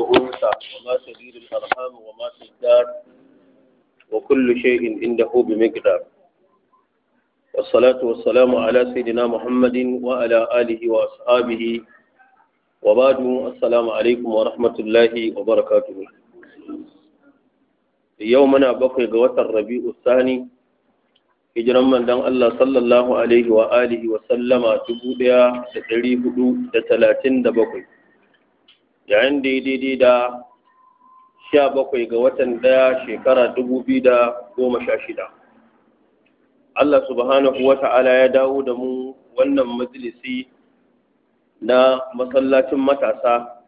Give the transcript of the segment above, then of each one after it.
كل أنثى وما تزيد الأرحام وما تزداد وكل شيء عنده بمقدار والصلاة والسلام على سيدنا محمد وعلى آله وأصحابه وبعد السلام عليكم ورحمة الله وبركاته يومنا بقي قوة الربيع الثاني hijiran mandan Allah sallallahu Alaihi wa alihi wa sallama dubu ɗaya da ɗari hudu da talatin da bakwai yayin da ya daidai da sha bakwai ga watan daya shekara dubu biyu da goma sha shida Allah subhanahu wa ta'ala ya dawo da mu wannan majalisi na masallacin matasa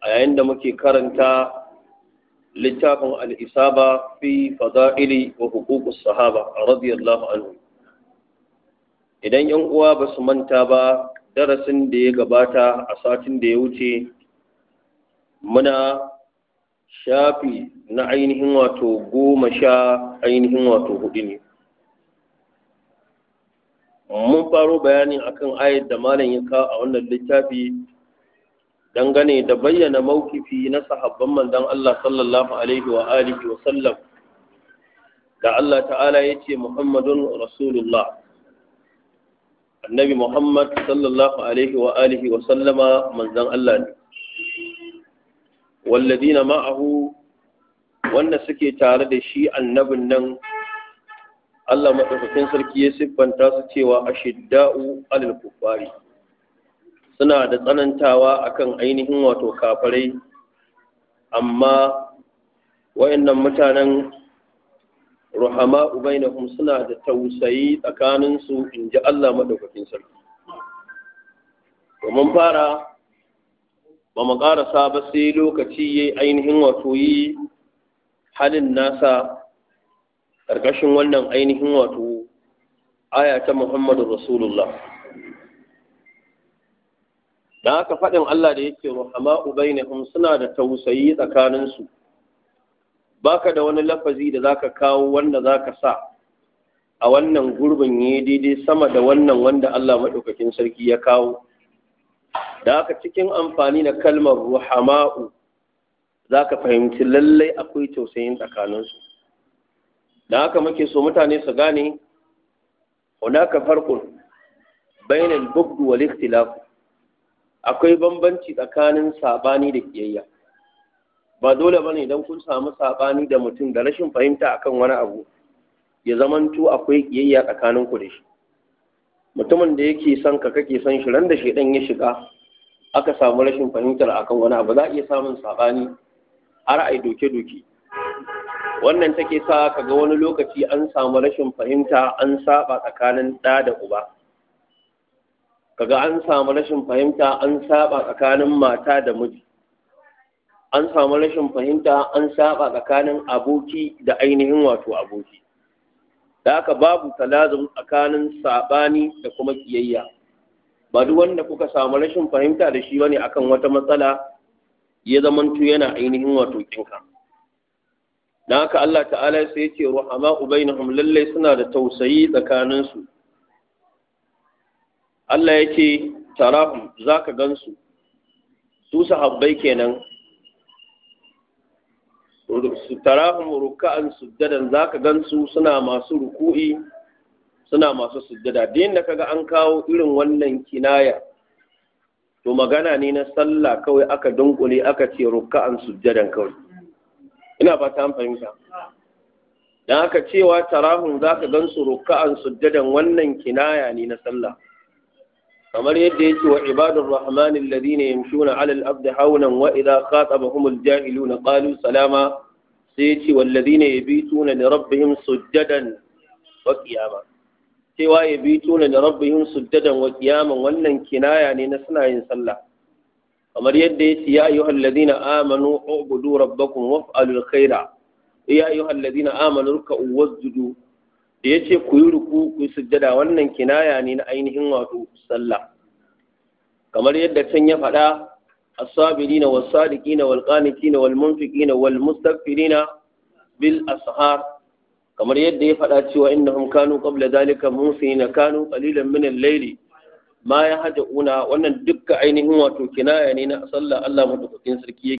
a yayin da muke karanta littafin al'isaba fi fada'ili wa hukukus sahaba a radiyallahu anhu idan yan uwa ba su manta ba darasin da ya gabata a satin da ya wuce muna shafi na ainihin wato goma sha ainihin wato hudu ne mun faro bayani akan ayat da malam ya kawo a wannan littafi dangane da bayyana maukifi na sahabban manzon Allah sallallahu alaihi wa alihi wa sallam da Allah ta'ala ya ce Muhammadun Rasulullah annabi Muhammad sallallahu alaihi wa alihi wa sallama manzon Allah ne na ma'ahu wanda suke tare da shi annabin nan Allah matafafin sarki ya siffanta su cewa a alal alilkufari suna da tsanantawa akan ainihin wato kafarai, amma wayannan mutanen ruhama ubainahum suna da tausayi tsakaninsu in ji Allah matafafin sarki domin fara ba mu ƙarasa ba sai lokaci ya yi ainihin wato yi halin nasa ƙarƙashin wannan ainihin wato aya ta muhammadu rasulullah da haka faɗin allah da yake rahama'u bainahum suna da tausayi tsakaninsu Ba ka da wani lafazi da zaka kawo wanda zaka sa a wannan gurbin ya daidai sama da wannan wanda allah maɗaukakin sarki ya kawo da haka cikin amfani da kalmar ruhama'u za ka fahimci lallai akwai tausayin tsakaninsu da haka muke so mutane su gane hunaka farkon bainal bugdu wal ikhtilaf akwai bambanci tsakanin sabani da kiyayya ba dole ba ne don kun samu sabani da mutum da rashin fahimta akan wani abu ya zamantu akwai kiyayya tsakanin da shi mutumin da yake son ka kake son shi ran da dan ya shiga aka samu rashin fahimtar akan wani abu za a iya samun sabani har ai doke doke wannan take sa kaga wani lokaci an samu rashin fahimta an saba tsakanin ɗa da uba kaga an samu rashin fahimta an saba tsakanin mata da miji an samu rashin fahimta an saba tsakanin aboki da ainihin wato aboki da aka babu talazun tsakanin saɓani da kuma kiyayya ba duk wanda kuka samu rashin fahimta da shi bane akan wata matsala ya zamanto yana ainihin wato kinka dan haka Allah ta'ala sai yace ruhama ubainahum lallai suna da tausayi tsakanin su Allah yace tarahum zaka gansu su sahabbai kenan su tarahum ruka'an sujjadan za ka gansu suna masu ruku'i suna masu sujjada din da kaga an kawo irin wannan kinaya to magana ne na sallah kawai aka dunkule aka ce ruka'an sujjadan kawai ina ba ta fahimta dan aka cewa tarahum ka gansu ruka'an sujjadan wannan kinaya ne na sallah kamar yadda yake wa ibadur rahmanin alladhina yamshuna Alal Abdi ardi hawlan wa idha khatabahum al-jahiluna qalu salama sai ya ce wallazina yabituna li rabbihim sujjadan wa kiyama cewa ya tuna da rabbihim sujjadan wa kiyama wannan kinaya ne na suna yin sallah kamar yadda ya ce ya ayyuhal ladina amanu ubudu rabbakum waf'alul khaira eh, ya ayyuhal ladina amanu ruk'u wasjudu da ya ce ku yi ruku ku sujjada wannan kinaya ne na ainihin wato sallah kamar yadda can ya faɗa الصابرين والصادقين والقانتين والمنفقين والمستغفرين بالأسحار kamar yadda ya faɗa cewa innahum kanu qabla zalika musina kanu qalilan min al-layli ma yahjauna wannan dukkan ainihin wato kinaya ne a sallah Allah madaukakin sarki